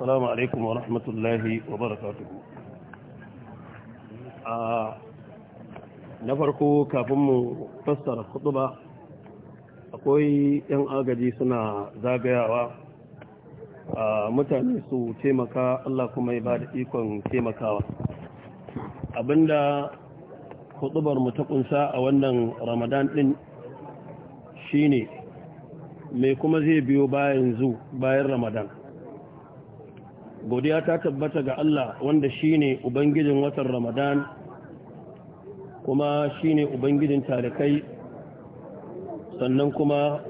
السلام عليكم ورحمة Na farko kafin mu fassara الخطبة akwai 'yan agaji suna zagayawa a mutane su taimaka Allah kuma ya ba da ikon taimakawa abinda kudubar mu ta kunsa a wannan ramadan din shine mai kuma zai biyo bayan zu bayan ramadan godiya ta tabbata ga Allah wanda shine ubangijin watan Ramadan kuma shine ubangijin tarikai, sannan kuma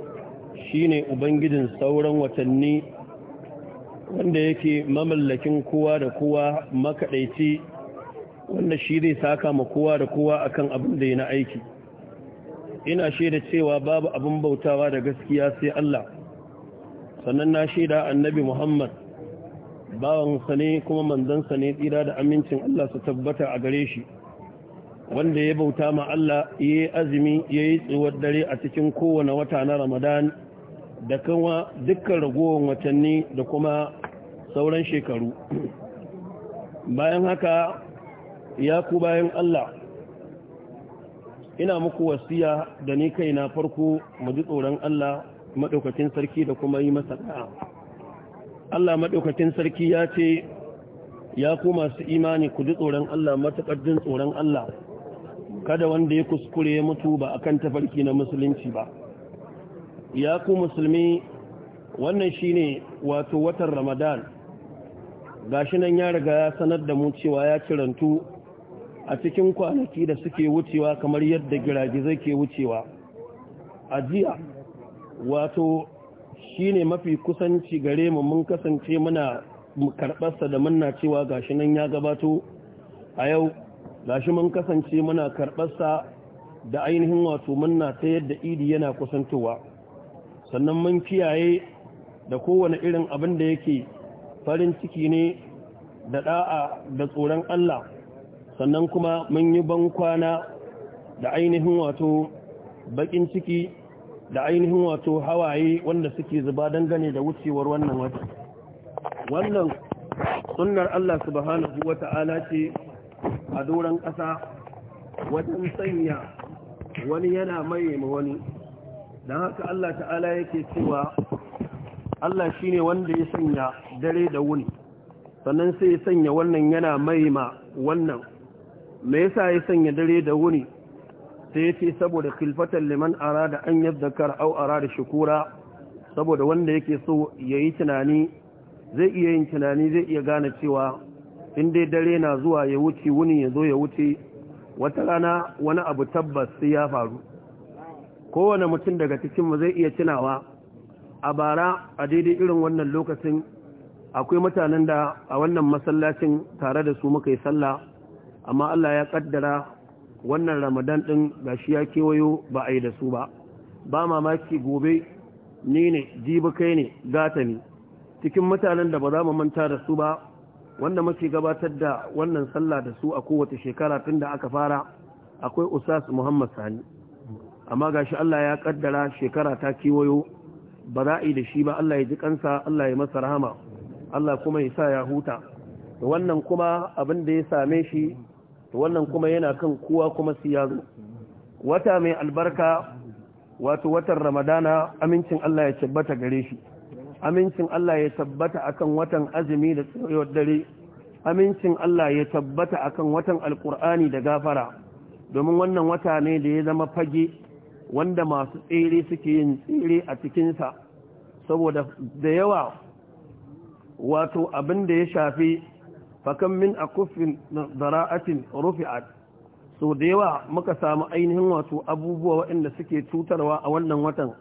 shine ubangijin sauran watanni wanda yake mamallakin kowa da kowa makaɗaici wanda shi zai saka ma kowa da kowa akan abin da ya na aiki ina shaida cewa babu abin bautawa da gaskiya sai Allah sannan na shaida annabi Muhammad bawansa ne kuma manzansa ne tsira da amincin Allah su tabbata a gare shi wanda ya bauta ma Allah ya yi azumi ya yi tsuwar dare a cikin kowane wata na ramadan da kanwa dukkan ragowar watanni da kuma sauran shekaru bayan haka ya ku bayan Allah ina muku wasiya da ni kaina farko mu ji tsoron Allah maɗaukacin sarki da kuma yi masa ɗaya. Allah maɗaukacin sarki ya ce ya ku masu imani ku ji tsoron Allah matuƙar jin tsoron Allah kada wanda ya kuskure ya mutu ba akan tafarki na musulunci ba ya ku musulmi wannan shine wato watan ramadan gashi nan ya riga ya sanar da mu cewa ya kirantu a cikin kwanaki da suke wucewa kamar yadda zai ke wucewa a jiya wato shine mafi kusanci gare mu mun kasance muna karɓarsa da muna cewa gashi nan ya gabato a yau gashi mun kasance muna karbarsa da ainihin wato muna ta yadda idi yana kusantowa sannan mun kiyaye da kowane irin abin da yake farin ciki ne da da'a da tsoron Allah sannan kuma mun yi bankwana da ainihin wato baƙin ciki da ainihin wato hawaye wanda suke zuba dangane da wucewar wannan wata wannan sunnar Allah subhanahu wata'ala ce a doron ƙasa wajen sanya wani yana maye ma wani don haka Allah ta'ala yake cewa Allah shine wanda ya sanya dare da wuni sannan sai ya sanya wannan yana maye ma wannan me yasa ya sanya dare da wuni sai ya ce saboda khilfatan liman arada an au aw arada shukura saboda wanda yake so yayi tunani zai iya yin tunani zai iya gane cewa in dai dare na zuwa ya wuce wuni ya zo ya wuce wata rana wani abu tabbas sai ya faru kowane mutum daga cikin mu zai iya tunawa a bara a daidai irin wannan lokacin akwai mutanen da a wannan masallacin tare da su muka yi sallah amma Allah ya kaddara wannan ramadan ɗin ga shi ya kewayo ba a yi da su ba ba mamaki gobe ni ne jibi kai ne gata ne cikin mutanen da ba za mu manta da su ba wanda muke gabatar da wannan sallah da su a kowace shekara tun da aka fara akwai usas muhammad sani amma ga shi allah ya kaddara shekara ta kewayo ba za a yi da shi ba allah ya ji kansa allah ya masa rahama allah kuma ya sa ya huta wannan kuma abin da ya same shi to wannan kuma yana kan kowa kuma su yazo wata mai albarka wato watan ramadana amincin Allah ya tabbata gare shi amincin Allah ya tabbata akan watan azumi da tsayuwar dare amincin Allah ya tabbata akan watan alkur'ani da gafara domin wannan wata ne da ya zama fage wanda masu tsere suke yin tsere a cikinsa saboda da yawa wato abin da ya shafi fakan min a kufin zara'atin rufi'at so da yawa muka samu ainihin wato abubuwa waɗanda suke cutarwa a wannan watan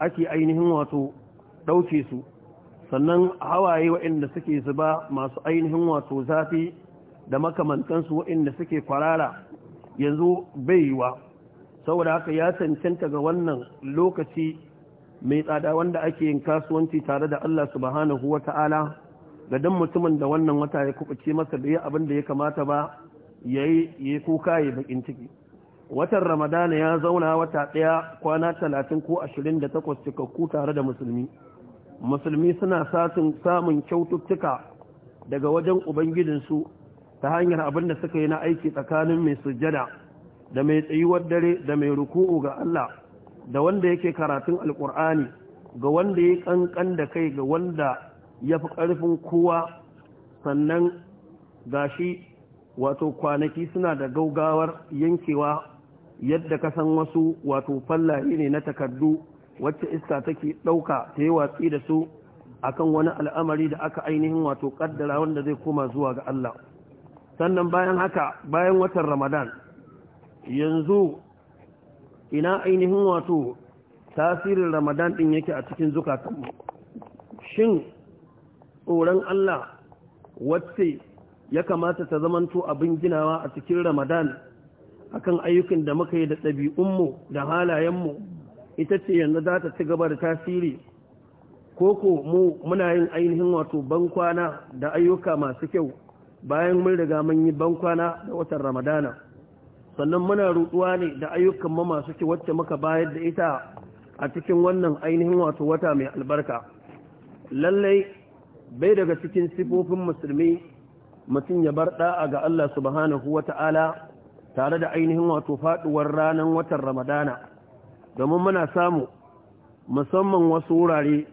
ake ainihin wato ɗauke su sannan hawaye waɗanda suke zuba masu ainihin wato zafi da makamantansu waɗanda suke kwarara yanzu bai wa saboda haka ya cancanta ga wannan lokaci mai tsada wanda ake yin kasuwanci tare da Allah subhanahu wa ta'ala ga dan mutumin da wannan wata ya kubuce masa da ya abin da ya kamata ba yayi ya kuka ya bakin ciki watan ramadana ya zauna wata ɗaya kwana talatin ko ashirin da 28 cikakku tare da musulmi musulmi suna satin samun kyaututtuka daga wajen ubangijinsu ta hanyar abin da suka yi na aiki tsakanin mai sujjada da mai tsayuwar dare da mai ruku'u ga Allah da wanda yake karatun alkur'ani ga wanda ya kankan da kai ga wanda ya fi ƙarfin kowa sannan gashi wato kwanaki suna da gaugawar yankewa yadda ka san wasu wato fallaye ne na takardu wacce iska take ɗauka ta yi watsi da su akan wani al'amari da aka ainihin wato ƙaddara wanda zai koma zuwa ga Allah sannan bayan haka bayan watan ramadan yanzu ina ainihin wato tasirin ramadan ɗin yake a cikin zukatanmu shin tsoron Allah wacce ya kamata ta zamanto abin ginawa a cikin Ramadan akan ayyukan da muka yi da ɗabi'unmu da halayenmu ita ce yanzu za ta ci gaba da tasiri koko mu muna yin ainihin wato bankwana da ayyuka masu kyau bayan mun riga mun yi bankwana da watan Ramadana sannan muna rutuwa ne da ayyukan mu masu kyau wacce muka bayar da ita a cikin wannan ainihin wato wata mai albarka lallai bai daga cikin sifofin musulmi mutum ya bar da'a ga Allah subhanahu wata'ala tare da ainihin wato faduwar ranar watan ramadana domin muna samu musamman wasu wurare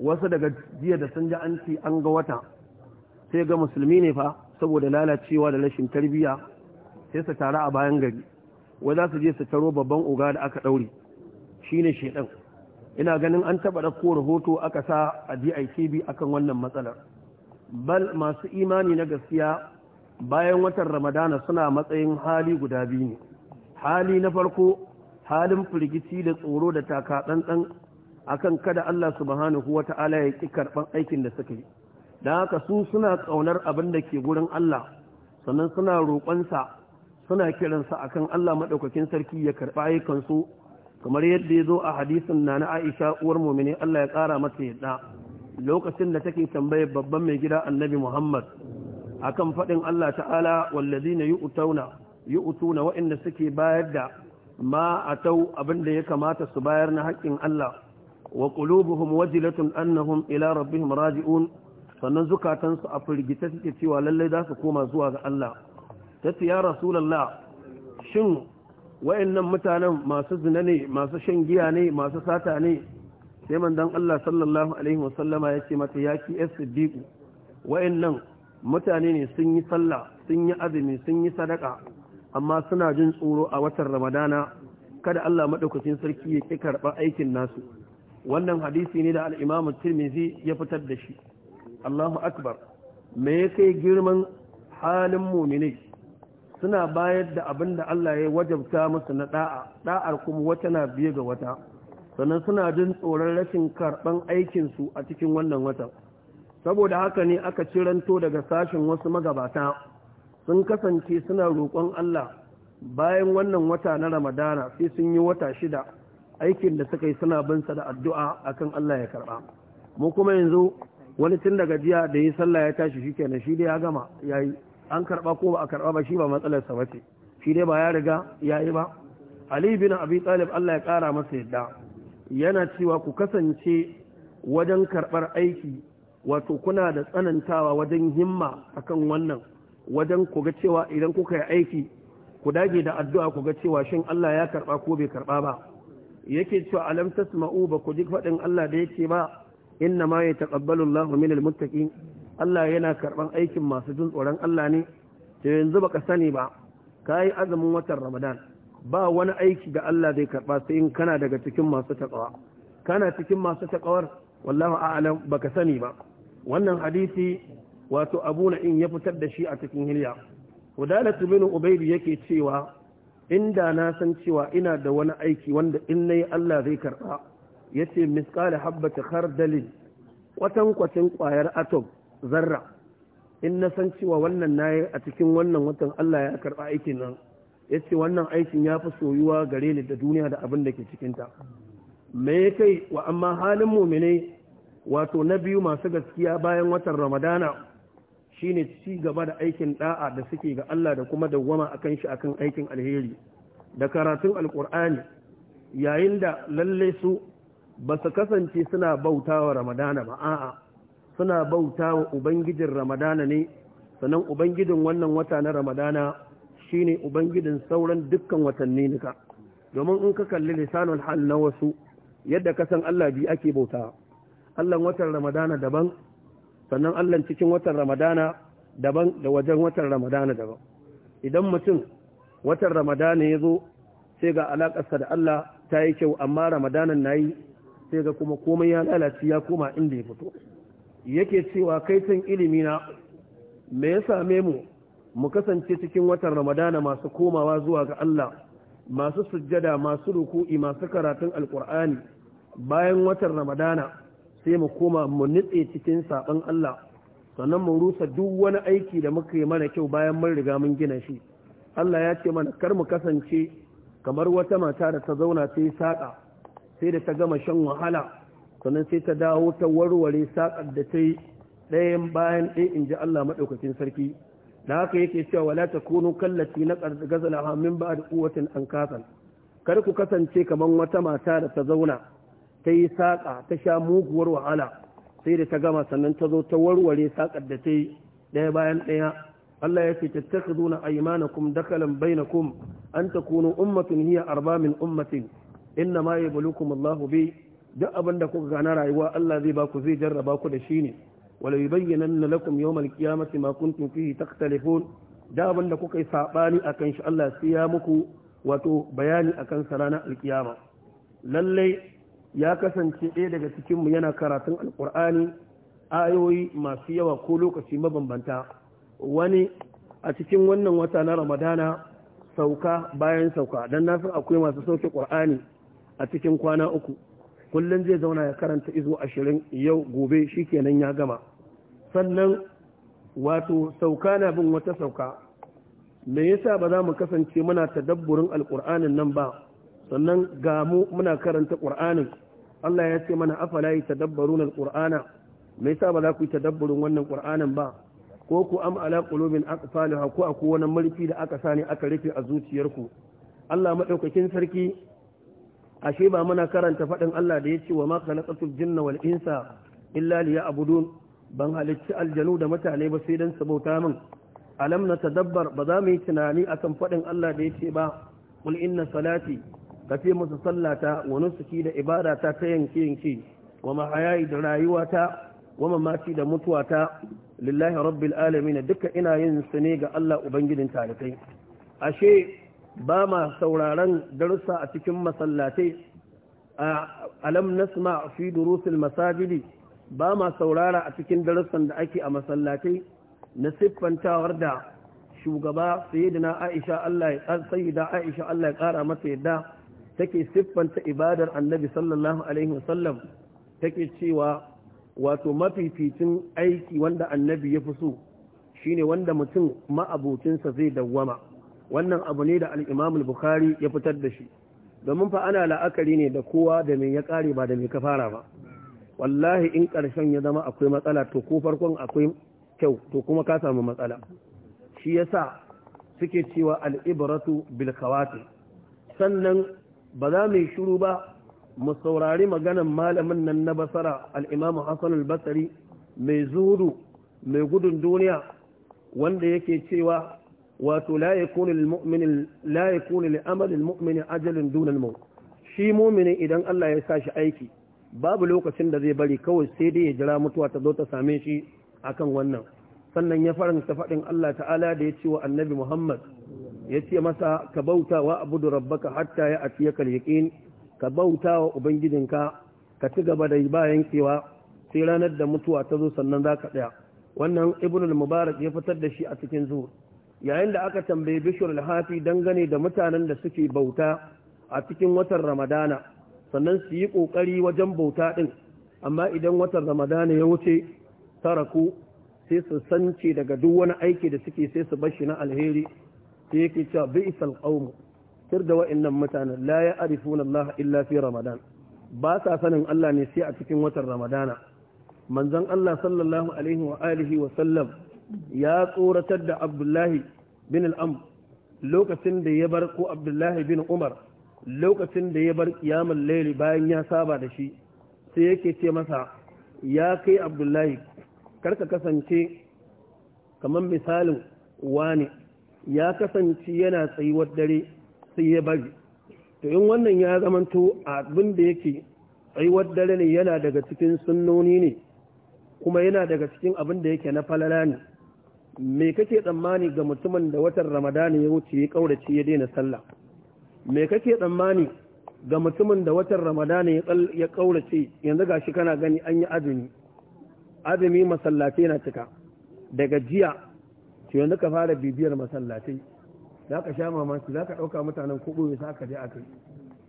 wasu daga jiya da sun ji an ci an ga wata sai ga musulmi ne fa saboda lalacewa da rashin tarbiyya sai su tare a bayan gari wai za su je su taro babban uga da aka ɗaure Shi ne shaidan. ina ganin an taɓa ɗauko rahoto aka sa a DITB akan wannan matsalar bal masu imani na gaskiya bayan watan ramadana suna matsayin hali guda biyu ne hali na farko halin firgici da tsoro da taka tsantsan akan kada Allah subhanahu wata'ala ya ƙi karɓar aikin da suka yi da haka su suna ƙaunar abin da ke gurin Allah sannan suna roƙonsa suna kiransa akan Allah maɗaukakin sarki ya karɓa ayyukansu kamar yadda ya zo a hadisin na na aisha uwar mumini allah ya kara mata yadda lokacin da take tambaye babban mai gida annabi muhammad akan faɗin allah ta'ala wallazina yu'tauna yu'tuna wa'inda suke bayar da ma atau abin da ya kamata su bayar na haƙƙin allah wa qulubuhum wajilatun annahum ila rabbihim raji'un sannan zukatansu a firgita suke cewa lallai za su koma zuwa ga allah tace ya rasulullah shin wayannan mutanen masu zina ne masu shan giya ne masu sata ne sai manzon Allah sallallahu alaihi wasallama ya ce mata ya ki as-siddiq wayannan mutane ne sun yi sallah sun yi azumi sun yi sadaka amma suna jin tsoro a watan ramadana kada Allah madaukakin sarki ya ki karba aikin nasu wannan hadisi ne da al-Imam Tirmidhi ya fitar da shi Allahu akbar me yake girman halin mu'mini suna bayar da abin da Allah ya wajabta musu na ɗa'a, ɗa'ar kuma wata na biye ga wata sannan suna jin tsoron rashin karɓan aikinsu a cikin wannan watan saboda haka ne aka ciranto daga sashen wasu magabata sun kasance suna roƙon Allah bayan wannan wata na ramadana sai sun yi wata shida aikin da suka yi suna binsa da addu'a akan Allah ya karɓa mu kuma yanzu wani tun daga jiya da yi sallah ya tashi shi kenan shi da ya gama ya yi an karɓa ko ba a karba ba shi ba matsalar sa bace shi dai ba ya riga yayi ba Ali bin Abi Talib Allah ya kara masa yadda yana cewa ku kasance wajen karɓar aiki wato kuna da tsanantawa wajen himma akan wannan wajen ku ga cewa idan kuka yi aiki ku dage da addu'a ku ga cewa shin Allah ya karba ko bai karba ba yake cewa alam tasma'u ba ku ji faɗin Allah da yake ba inna ma yataqabbalu Allahu minal muttaqin Allah yana karɓan aikin masu jin tsoron Allah ne to yanzu baka sani ba ka yi azumin watan Ramadan ba wani aiki da Allah zai karɓa sai in kana daga cikin masu taƙawa kana cikin masu taƙawar wallahu a'lam baka sani ba wannan hadisi wato Abu in ya fitar da shi a cikin hilya Hudalatu bin Ubayd yake cewa inda na san cewa ina da wani aiki wanda in nayi Allah zai karɓa yace misqala habbati khardalin kwatankwacin kwayar atom zarra in na san cewa wannan na a cikin wannan watan Allah ya karɓa aikin nan ya ce wannan aikin ya fi soyuwa gare ni da duniya da abin da ke cikinta me ya kai wa amma halin mumine wato na biyu masu gaskiya bayan watan ramadana shine ci gaba da aikin da'a da suke ga Allah da kuma dawwama akan shi akan aikin alheri da karatun alkur'ani yayin da lalle su ba su kasance suna bautawa ramadana ba a'a suna bauta wa ubangijin ramadana ne sannan ubangijin wannan wata na ramadana shine ubangijin sauran dukkan watanni nika domin in ka kalli lisanul hal na wasu yadda ka san Allah bi ake bauta Allah watan ramadana daban sannan Allah cikin watan ramadana daban da wajen watan ramadana daban idan mutum watan ramadana ya zo sai ga alakarsa da Allah ta yi kyau amma ramadanan na yi sai ga kuma komai ya lalace ya koma inda ya fito yake cewa kaitan ilimi na me ya same mu mu kasance cikin watan ramadana masu komawa zuwa ga Allah masu sujjada masu ruku'i masu karatun alkur'ani bayan watan ramadana sai mu koma mu nitse cikin sabon Allah sannan mu rusa duk wani aiki da muka yi mana kyau bayan mun riga mun gina shi Allah ya ce mana kar mu kasance kamar wata mata da ta zauna sai saƙa sai da ta gama shan wahala sannan sai ta dawo ta warware saƙar da ta yi ɗayan bayan ɗaya in ji Allah maɗaukakin sarki da haka yake cewa wala ta kunu kallaci na gazala hamin ba da kuwatin an kasan kar ku kasance kamar wata mata da ta zauna ta yi saƙa ta sha muguwar wahala sai da ta gama sannan ta zo ta warware saƙar da ta yi ɗaya bayan ɗaya Allah ya ce tattakhiduna aymanakum dakalan bainakum an takunu ummatin hiya arba min ummatin inna ma yabluukum Allahu bi duk abin da kuka gana rayuwa Allah zai ba ku zai jarraba ku da shi ne wala na lakum yawmal qiyamati ma kuntum fihi takhtalifun da abin da kuka yi sabani akan shi Allah sai ya muku wato bayani akan sa ranar alkiyama Lallai ya kasance ɗaya daga cikin mu yana karatun alqur'ani ayoyi masu yawa ko lokaci mabambanta wani a cikin wannan wata na ramadana sauka bayan sauka don na san akwai masu sauke ƙur'ani a cikin kwana uku kullum zai zauna ya karanta izo ashirin yau gobe shi kenan ya gama sannan wato sauka na bin wata sauka me yasa ba za mu kasance muna tadabburin alkur'anin nan ba sannan ga mu muna karanta ƙur'anin Allah ya ce mana afala yi tadabbarun alƙur'ana me yasa ba za ku yi tadabburin wannan ƙur'anin ba ko ku am ala qulubin aqfalaha ko akwai wani mulki da aka sani aka rufe a zuciyarku Allah madaukakin sarki ashe ba muna karanta faɗin Allah da ya ce wa ma khalaqatul jinna wal insa illa liya'budun ban halicci aljanu da mutane ba sai dan sabota min alam na tadabbar ba za mu yi tunani akan faɗin Allah da ya ce ba qul inna salati ka ce musu sallata wa nusuki da ibadata ta yanke yanke wa mahayayi da rayuwata wa mamaci da mutuwata lillahi rabbil alamin duka ina yin su ne ga Allah ubangijin talikai ashe ba ma sauraron darussa a cikin masallatai a alam nasma fi masajidi ba ma saurara a cikin darussan da ake a masallatai na siffantawar da shugaba sayyidina Aisha Allah ya sayyida Aisha Allah ya kara mata yadda take siffanta ibadar Annabi sallallahu alaihi wasallam take cewa wato mafificin aiki wanda Annabi ya fi so shine wanda mutum ma'abucinsa zai dawwama wannan abu ne da al bukhari ya fitar da shi domin fa ana la'akari ne da kowa da me ya kare ba da me ka fara ba wallahi in karshen ya zama akwai matsala to ko farkon akwai kyau to kuma ka samu matsala shi yasa suke cewa al'ibaratu bilkawati sannan ba za mu yi shiru ba mu saurari maganan malamin nan na basara al'imamu hassan al-basari mai zuhudu mai gudun duniya wanda yake cewa wato la yakunu lil mu'min la yakunu li amali al mu'min dun al maut shi mu'mini idan Allah ya sa shi aiki babu lokacin da zai bari kawai sai dai ya jira mutuwa ta zo ta same shi akan wannan sannan ya faranta faɗin Allah ta'ala da ya ce wa annabi Muhammad ya ce masa ka bauta wa abudu rabbaka hatta ya atiya kal ka bauta wa ubangijinka ka ci gaba da bayan kewa sai ranar da mutuwa ta zo sannan zaka tsaya wannan ibnul mubarak ya fitar da shi a cikin zu. yayin da aka tambaye bishir alhafi dangane da mutanen da suke bauta a cikin watan ramadana sannan su yi ƙoƙari wajen bauta ɗin amma idan watan ramadana ya wuce taraku sai su sance daga duk wani aiki da suke sai su bashi na alheri sai yake cewa bi isal qawm sir da wa'annan mutanen la ya Allah illa fi ramadan ba sa sanin Allah ne sai a cikin watan ramadana manzon Allah sallallahu alaihi wa alihi wa sallam ya tsoratar da abdullahi bin al'am lokacin da ya bar ko abdullahi bin umar lokacin da ya bar kiyamun laili bayan ya saba da shi sai yake ce masa ya kai abdullahi karka kasance kamar misalin wani ya kasance yana tsayuwar dare sai ya bari to in wannan ya zamanto abin da yake tsayuwar dare ne yana daga cikin sunnoni ne kuma yana daga cikin abin da yake na falala ne me kake tsammani ga mutumin da watan ramadani ya wuce ya kaurace ya daina sallah me kake tsammani ga mutumin da watan ramadani ya kaurace yanzu gashi kana gani an yi azumi azumi masallatai na cika daga jiya to yanzu ka fara bibiyar masallatai za ka sha mamaki za ka ɗauka mutanen kuɓo ya saka je a kai.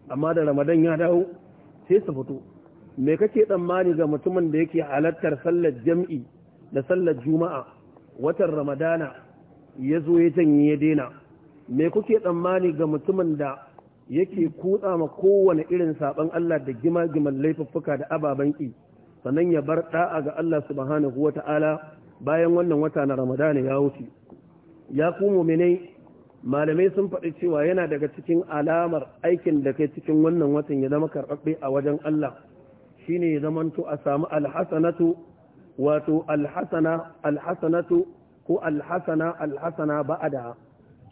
amma da ramadan ya dawo sai su fito me kake tsammani ga mutumin da yake halartar sallar jam'i da sallar juma'a watan ramadana ya zo ya janye ya daina me kuke tsammani ga mutumin da yake kutsa ma kowane irin saban Allah da gima-giman laifuffuka da ababen ki sannan ya bar da'a ga Allah subhanahu wata'ala bayan wannan wata na ramadana ya wuce ya kuma muminai malamai sun faɗi cewa yana daga cikin alamar aikin da kai cikin wannan watan ya zama karɓaɓɓe a wajen Allah shine ya zamanto a samu alhasanatu wato alhasana alhasanatu ko Alhassana alhasana ba'ada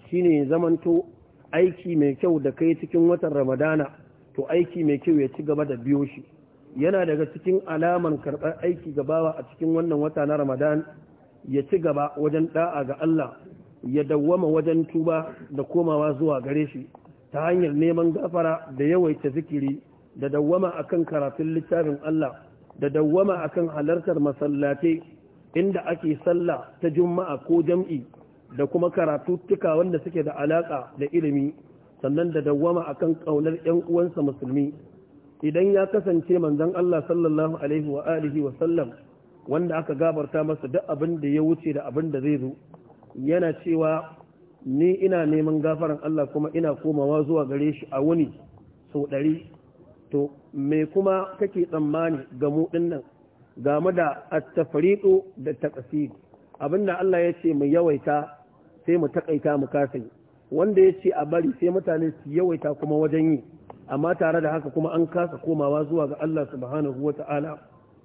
shine zamanto aiki mai kyau da kai cikin watan ramadana to aiki mai kyau ya ci gaba da biyo shi yana daga cikin alaman karɓar aiki gabawa a cikin wannan wata na ramadan ya ci gaba wajen da'a ga Allah ya dawwama wajen tuba da komawa zuwa gare shi ta hanyar neman gafara da yawaita zikiri da dawwama akan karatun littafin Allah da dawwama akan halartar masallatai inda ake sallah ta juma'a ko jam'i da kuma karatuttuka wanda suke da alaka da ilimi sannan da dawwama akan kaunar yan uwansa musulmi idan ya kasance manzon Allah sallallahu alaihi wa alihi wa sallam wanda aka gabarta masa duk abin da ya wuce da abin da zai zo yana cewa ni ina neman gafaran Allah kuma ina komawa zuwa gare shi a wuni sau ɗari to me kuma kake tsammani ga mu dinnan game da at-tafriqu da taqsid abinda Allah ya ce mu yawaita sai mu takaita mu kasai wanda ya ce a bari sai mutane su yawaita kuma wajen yi amma tare da haka kuma an kasa komawa zuwa ga Allah su subhanahu ta'ala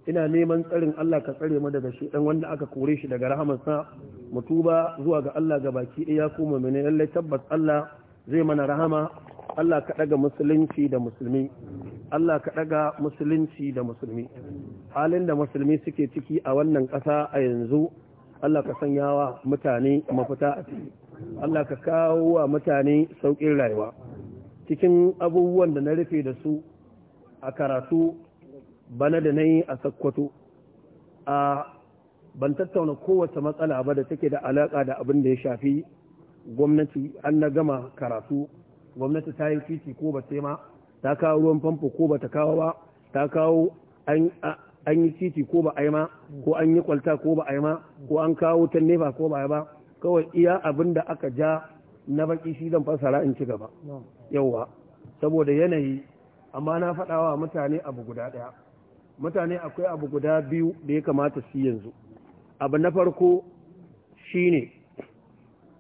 ina neman tsarin Allah ka tsare mu daga shi dan wanda aka kore shi daga rahamarsa mu tuba zuwa ga Allah ga baki ɗaya koma mu lallai tabbas Allah zai mana rahama Allah ka daga musulunci da musulmi Allah ka ɗaga musulunci da musulmi halin da musulmi suke ciki a wannan ƙasa a yanzu Allah ka sanyawa mutane mafita a ciki Allah ka kawo wa mutane sauƙin rayuwa cikin abubuwan da na rufe da su a karatu bana da na yi a sakkwato a ban tattauna kowace matsala ba da take da alaƙa da abin da ya shafi gwamnati an na gama karatu gwamnati ta yi titi ko ba sai ma ta kawo ruwan famfo ko ba ta kawo ba ta kawo an yi titi ko ba a yi ma ko an yi kwalta ko ba a yi ma ko an kawo ta nefa ko ba a yi ba kawai iya abin da aka ja na baki shi zan fasara in ci gaba yauwa saboda yanayi amma na faɗawa mutane abu guda ɗaya mutane akwai abu guda biyu da ya kamata su yanzu abu na farko shine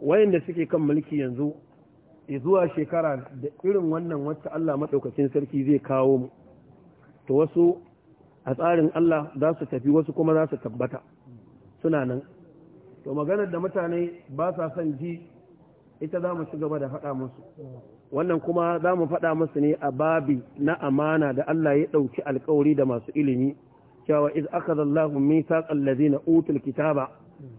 wayanda suke kan mulki yanzu zuwa shekara da irin wannan wacce Allah maɗaukacin sarki zai kawo mu to wasu a tsarin Allah za su tafi wasu kuma za su tabbata suna nan to maganar da mutane ba sa son ji ita za mu ci gaba da faɗa musu wannan kuma za mu faɗa musu ne a babi na amana da Allah ya ɗauki alkawari da masu ilimi cewa iz akhadha mithaqal ladina utul kitaba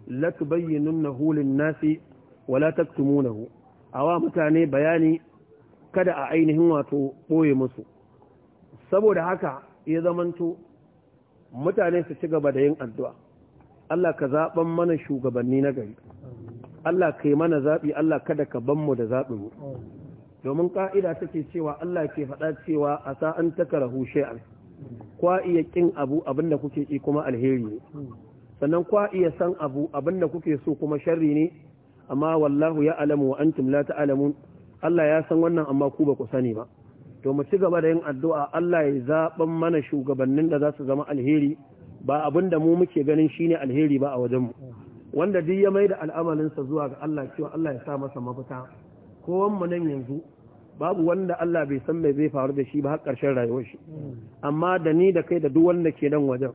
la lin-nasi wala taktumunahu awa mutane bayani kada a ainihin wato ɓoye musu saboda haka ya zamanto mutane su ci gaba da yin addu'a Allah ka zaɓan mana shugabanni na gari Allah ka yi mana zaɓi Allah kada ka ban mu da zaɓin mu domin ƙa'ida take cewa Allah ke faɗa cewa a sa'an takarahu shay'an kwa iya kin abu abinda kuke ki kuma alheri ne sannan kwa iya san abu abinda kuke so kuma sharri ne amma wallahu ya alamu wa antum la ta'lamun Allah ya san wannan amma ku ba ku sani ba to mu ci gaba da yin addu'a Allah ya zaben mana shugabannin da za su zama alheri ba abin da mu muke ganin shine alheri ba a wajen mu wanda duk ya mai da al'amalinsa zuwa ga Allah cewa Allah ya sa masa mafita kowan mu nan yanzu babu wanda Allah bai san mai zai faru da shi ba har karshen rayuwar shi amma da ni da kai da duk wanda ke nan wajen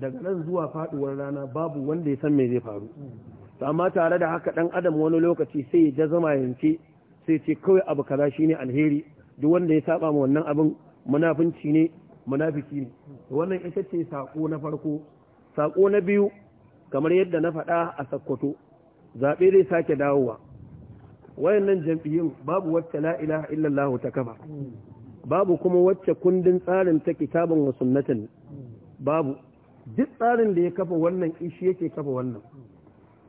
daga nan zuwa faduwar rana babu wanda ya san mai zai faru to amma tare da haka ɗan adam wani lokaci sai ya zama yance sai ce kawai abu kaza shine alheri duk wanda ya saba ma wannan abin munafinci ne munafiki ne wannan ita ce sako na farko sako na biyu kamar yadda na faɗa a sakkwato zaɓe zai sake dawowa wayannan jam'iyyun babu wacce la ilaha illallah ta kafa babu kuma wacce kundin tsarin ta kitabun wa sunnatin babu duk tsarin da ya kafa wannan ishi yake kafa wannan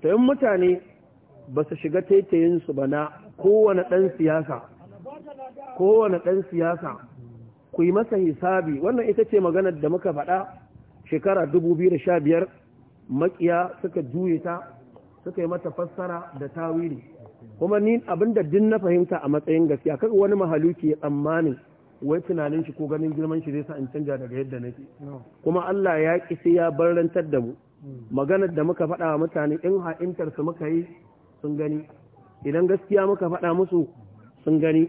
ta yin mutane ba su shiga taitayinsu ba na kowane ɗan siyasa kowane ɗan siyasa ku yi masa hisabi wannan ita ce maganar da muka faɗa shekara 2015 makiya suka juye ta suka yi mata fassara da tawiri kuma ni abinda din na fahimta a matsayin gaskiya kaga wani mahaluki ya tsammani wai tunanin shi ko ganin girman shi zai sa in canja daga yadda nake kuma Allah ya ki sai ya barrantar da mu maganar da muka faɗa wa mutane in ha'intarsu muka yi sun gani idan gaskiya muka faɗa musu sun gani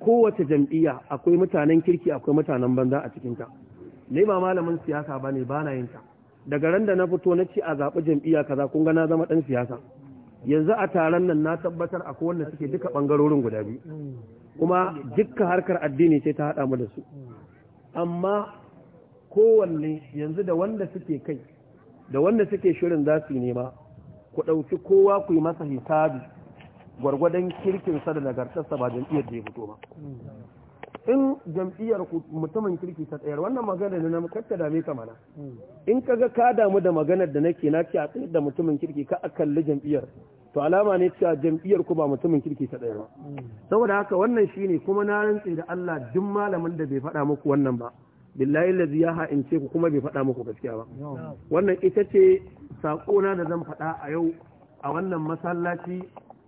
kowace jam'iyya akwai mutanen kirki akwai mutanen banza a cikinta ni ba malamin siyasa ba ne ba na yin ta daga ran da na fito na ci a zaɓi jam'iyya kaza kun ga na zama ɗan siyasa yanzu a taron nan na tabbatar akwai wanda suke duka ɓangarorin guda biyu kuma dukkan harkar addini ce ta haɗa mu da su amma kowanne yanzu da wanda suke kai da wanda suke shirin za su nema ku ɗauki kowa ku yi masa hisabi gwargwadon kirkinsa da nagartarsa ba jam'iyyar da ya fito ba in jam'iyyar mutumin kirki ta tsayar wannan magana ne na kakka dame ka mana in ka ga ka damu da maganar da nake na ce a tsayar da mutumin kirki ka a kalli jam'iyyar to alama ne cewa jam'iyyar ku ba mutumin kirki ta tsayar ba saboda haka wannan shine kuma na rantse da Allah duk malamin da bai faɗa muku wannan ba billahi lazi ya ha'ince ku kuma bai faɗa muku gaskiya ba wannan ita ce na da zan faɗa a yau a wannan masallaci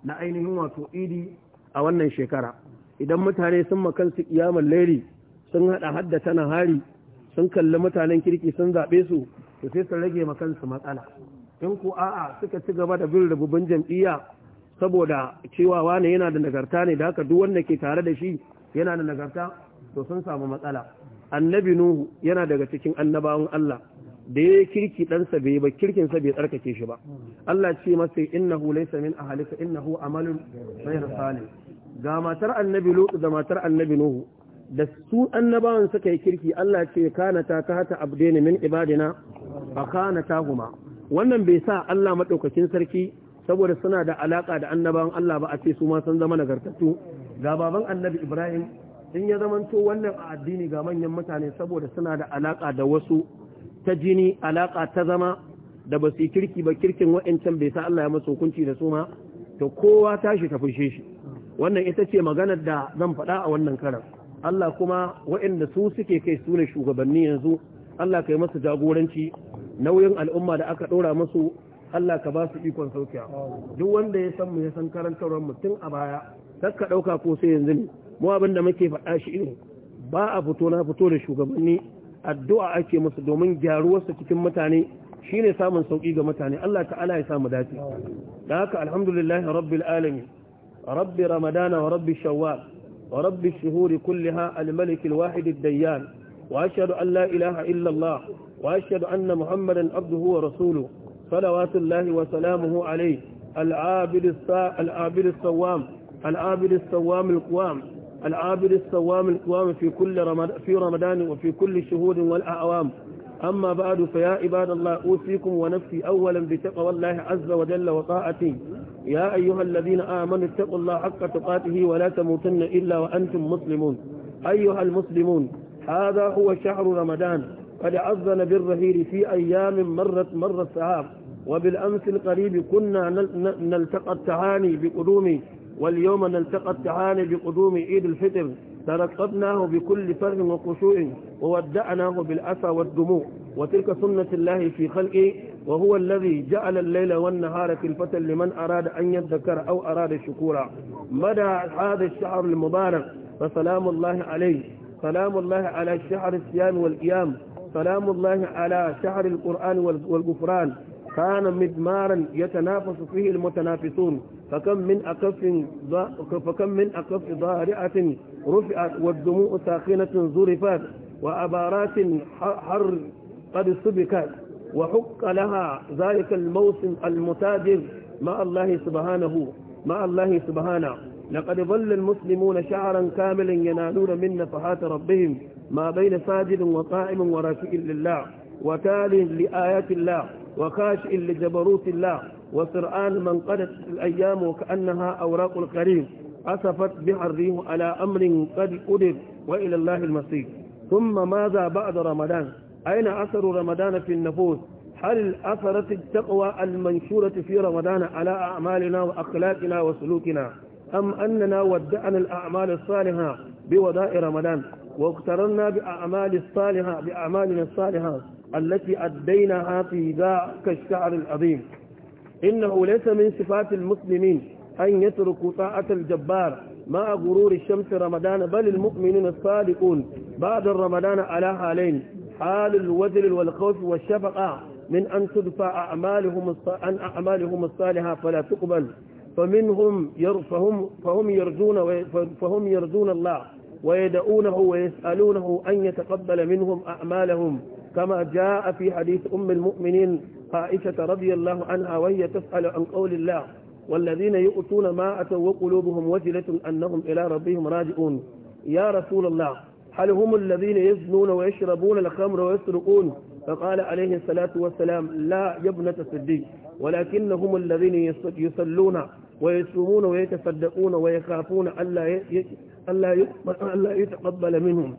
na ainihin wato idi a wannan shekara idan mutane sun makansu kiyamar lairi sun haɗa haddata na hari sun kalli mutanen kirki sun zaɓe su to sai su rage makansu matsala in ku a'a suka ci gaba da bin rububin jam'iyya saboda cewa wane yana da nagarta ne da haka duk wanda ke tare da shi yana da nagarta to sun samu matsala annabi nuhu yana daga cikin annabawan Allah da ya kirki ɗansa bai ba sa bai tsarkake shi ba Allah ce masa innahu laysa min ahlika innahu amalun ghayr salih ga matar annabi lutu da matar annabi nuhu da su annabawan suka yi kirki Allah ce kana ta hata abdaini min ibadina fa kana huma. wannan bai sa Allah madaukakin sarki saboda suna da alaka da annabawan Allah ba a ce su ma sun zama nagartattu ga baban annabi Ibrahim in ya zamanto wannan a addini ga manyan mutane saboda suna da alaka da wasu ta jini alaƙa ta zama da ba su kirki ba kirkin wa'ancan bai sa Allah ya masa hukunci da su ma to kowa tashi ta fushe shi wannan ita ce maganar da zan faɗa a wannan karan Allah kuma wa'anda su suke kai su ne shugabanni yanzu Allah ka yi masa jagoranci nauyin al'umma da aka ɗora masu Allah ka ba su ikon saukiya duk wanda ya san mu ya san karantarwar tun a baya kakka ɗauka ko sai yanzu ne mu abin da muke faɗa shi ne ba a fito na fito da shugabanni addu'a ake musu domin gyaruwarsa cikin mutane shine samun sauki ga mutane Allah ta'ala ya samu dace da haka alhamdulillahi rabbil alamin rabbi ramadana wa rabbi shawwal rabbi shuhuri kulliha al-malik al-wahid ad-dayyan wa ashhadu an la ilaha illa Allah anna muhammadan abduhu wa rasuluhu salawatullahi wa salamuhu alayhi al-abid as-sawam al العابد الصوام القوام في كل رمضان في رمضان وفي كل شهود والأعوام أما بعد فيا عباد الله أوصيكم ونفسي أولا بتقوى الله عز وجل وطاعته يا أيها الذين آمنوا اتقوا الله حق تقاته ولا تموتن إلا وأنتم مسلمون أيها المسلمون هذا هو شهر رمضان قد عزنا بالرهيل في أيام مرت مر السحاب وبالأمس القريب كنا نلتقى التعاني بقدوم واليوم نلتقى التعاني بقدوم عيد الفطر ترقبناه بكل فرد وخشوع وودعناه بالأسى والدموع وتلك سنة الله في خلقه وهو الذي جعل الليل والنهار خلفة لمن أراد أن يذكر أو أراد شكورا مدى هذا الشهر المبارك فسلام الله عليه سلام الله على شهر الصيام والقيام سلام الله على شهر القرآن والغفران كان مدمارا يتنافس فيه المتنافسون فكم من أكف فكم من أكف ضارعة رفعت والدموع ساخنة زرفات وأبارات حر قد سبكت وحق لها ذلك الموسم المتاجر مع الله سبحانه مع الله سبحانه لقد ظل المسلمون شعرا كاملا ينالون من نفحات ربهم ما بين ساجد وقائم ورافئ لله وتال لآيات الله وخاش لجبروت الله وسرآن من قدت الأيام وكأنها أوراق القريب أسفت بها الريم على أمر قد قدر وإلى الله المصير ثم ماذا بعد رمضان أين أثر رمضان في النفوس هل أثرت التقوى المنشورة في رمضان على أعمالنا وأخلاقنا وسلوكنا أم أننا ودعنا الأعمال الصالحة بوداء رمضان واقترنا بأعمال الصالحة بأعمالنا الصالحة التي أديناها في ذاك الشعر العظيم إنه ليس من صفات المسلمين أن يتركوا طاعة الجبار مع غرور الشمس رمضان بل المؤمنون الصادقون بعد رمضان على حالين حال الوزل والخوف والشفقة من أن تدفع أعمالهم عن أعمالهم الصالحة فلا تقبل فمنهم ير فهم, فهم يرجون فهم يرجون الله ويدعونه ويسألونه أن يتقبل منهم أعمالهم كما جاء في حديث أم المؤمنين عائشة رضي الله عنها وهي تسأل عن قول الله والذين يؤتون ما أتوا وقلوبهم وجلة أنهم إلى ربهم راجعون يا رسول الله هل هم الذين يزنون ويشربون الخمر ويسرقون فقال عليه الصلاة والسلام لا يا ابنة الصديق ولكنهم الذين يصلون ويصومون ويتصدقون ويخافون ألا يتقبل منهم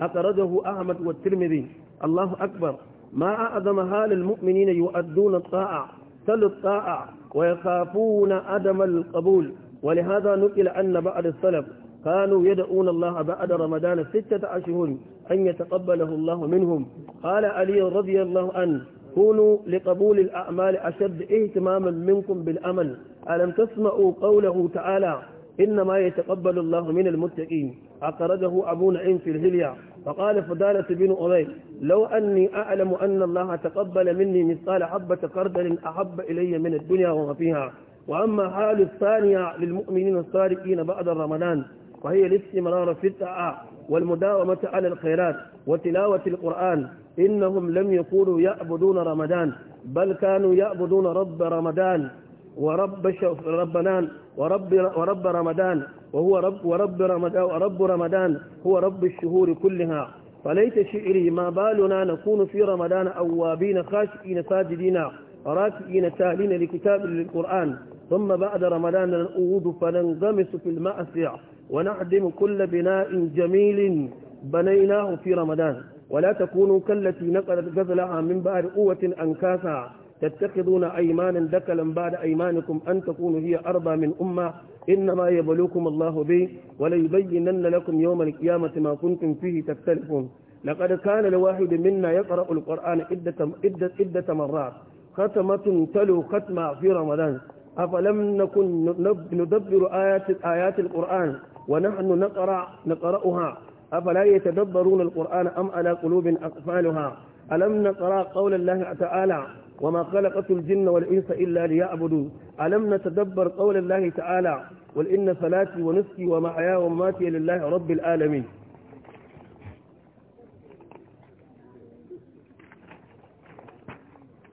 أخرجه أحمد والترمذي الله أكبر ما أعظمها للمؤمنين يؤدون الطاعة تل الطاعة ويخافون عدم القبول ولهذا نقل أن بعد السلف كانوا يدعون الله بعد رمضان ستة أشهر أن يتقبله الله منهم قال علي رضي الله عنه كونوا لقبول الأعمال أشد اهتماما منكم بالأمل ألم تسمعوا قوله تعالى إنما يتقبل الله من المتقين أقرده أبو نعيم في الهلية فقال فدالة بن أبيل لو أني أعلم أن الله تقبل مني مثقال حبة قردل أحب إلي من الدنيا وما فيها وأما حال الثانية للمؤمنين الصادقين بعد رمضان وهي الاستمرار في الطاعة والمداومة على الخيرات وتلاوة القرآن إنهم لم يكونوا يعبدون رمضان بل كانوا يعبدون رب رمضان ورب ربنان ورب ورب رمضان وهو رب ورب رمضان ورب رمضان هو رب الشهور كلها فليت شعري ما بالنا نكون في رمضان أوابين خاشئين ساجدين راكئين تاهلين لكتاب للقرآن ثم بعد رمضان نؤود فننغمس في المأسع ونعدم كل بناء جميل بنيناه في رمضان ولا تكونوا كالتي نقلت جزلها من بعد قوة أنكاسا تتخذون أيمانا دكلا بعد أيمانكم أن تكونوا هي أربى من أمة إنما يبلوكم الله به وليبينن لكم يوم القيامة ما كنتم فيه تختلفون لقد كان لواحد منا يقرأ القرآن عدة عدة عدة مرات ختمة تلو ختمة في رمضان أفلم نكن ندبر آيات آيات القرآن ونحن نقرأ نقرأها أفلا يتدبرون القرآن أم على قلوب أقفالها ألم نقرأ قول الله تعالى وما خلقت الجن والإنس إلا ليعبدوا ألم نتدبر قول الله تعالى قل إن صلاتي ونسكي ومحيا ومماتي لله رب العالمين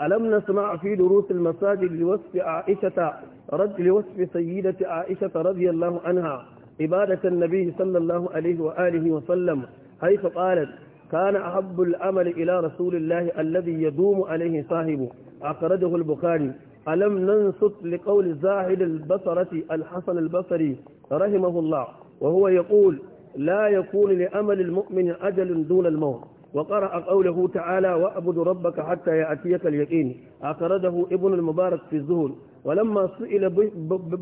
ألم نسمع في دروس المساجد لوصف عائشة رد لوصف سيدة عائشة رضي الله عنها عبادة النبي صلى الله عليه وآله وسلم حيث قالت كان أحب الأمل إلى رسول الله الذي يدوم عليه صاحبه أخرجه البخاري ألم ننصت لقول زاهد البصرة الحسن البصري رحمه الله وهو يقول لا يكون لأمل المؤمن أجل دون الموت وقرأ قوله تعالى وأعبد ربك حتى يأتيك اليقين أخرجه ابن المبارك في الزهد ولما سئل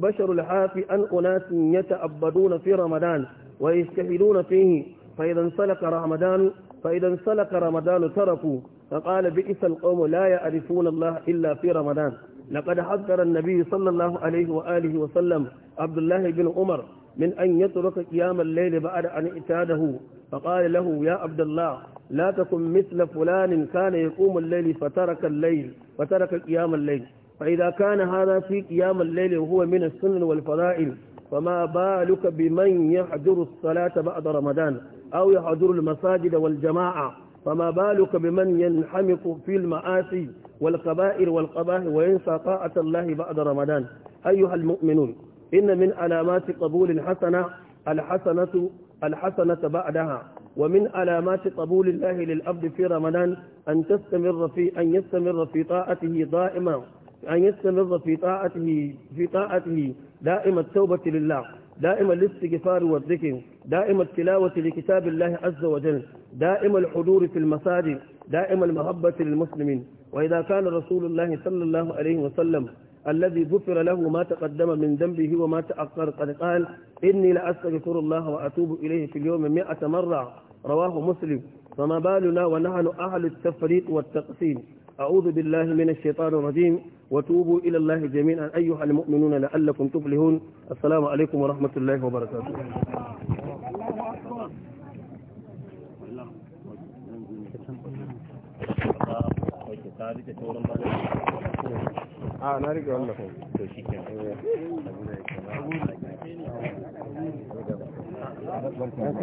بشر الحافي عن أناس يتأبدون في رمضان ويجتهدون فيه فإذا انسلق رمضان فإذا انسلق رمضان تركوا فقال بئس القوم لا يعرفون الله إلا في رمضان لقد حذر النبي صلى الله عليه وآله وسلم عبد الله بن عمر من أن يترك قيام الليل بعد أن اعتاده فقال له يا عبد الله لا تكن مثل فلان كان يقوم الليل فترك الليل فترك قيام الليل فإذا كان هذا في قيام الليل وهو من السنن والفضائل فما بالك بمن يحضر الصلاة بعد رمضان أو يحضر المساجد والجماعة فما بالك بمن ينحمق في المآسي والكبائر والقباه وينسى طاعة الله بعد رمضان أيها المؤمنون إن من علامات قبول الحسنة الحسنة الحسنة بعدها ومن علامات قبول الله للعبد في رمضان أن تستمر في أن يستمر في طاعته دائما أن يستمر في طاعته في طاعته دائم التوبة لله دائم الاستغفار والذكر دائم التلاوة لكتاب الله عز وجل دائم الحضور في المساجد دائم المحبة للمسلمين وإذا كان رسول الله صلى الله عليه وسلم الذي غفر له ما تقدم من ذنبه وما تأخر قد قال إني لأستغفر الله وأتوب إليه في اليوم مئة مرة رواه مسلم فما بالنا ونحن أهل التفريق والتقسيم أعوذ بالله من الشيطان الرجيم وتوبوا إلى الله جميعا أيها المؤمنون لعلكم تفلحون السلام عليكم ورحمة الله وبركاته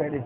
آه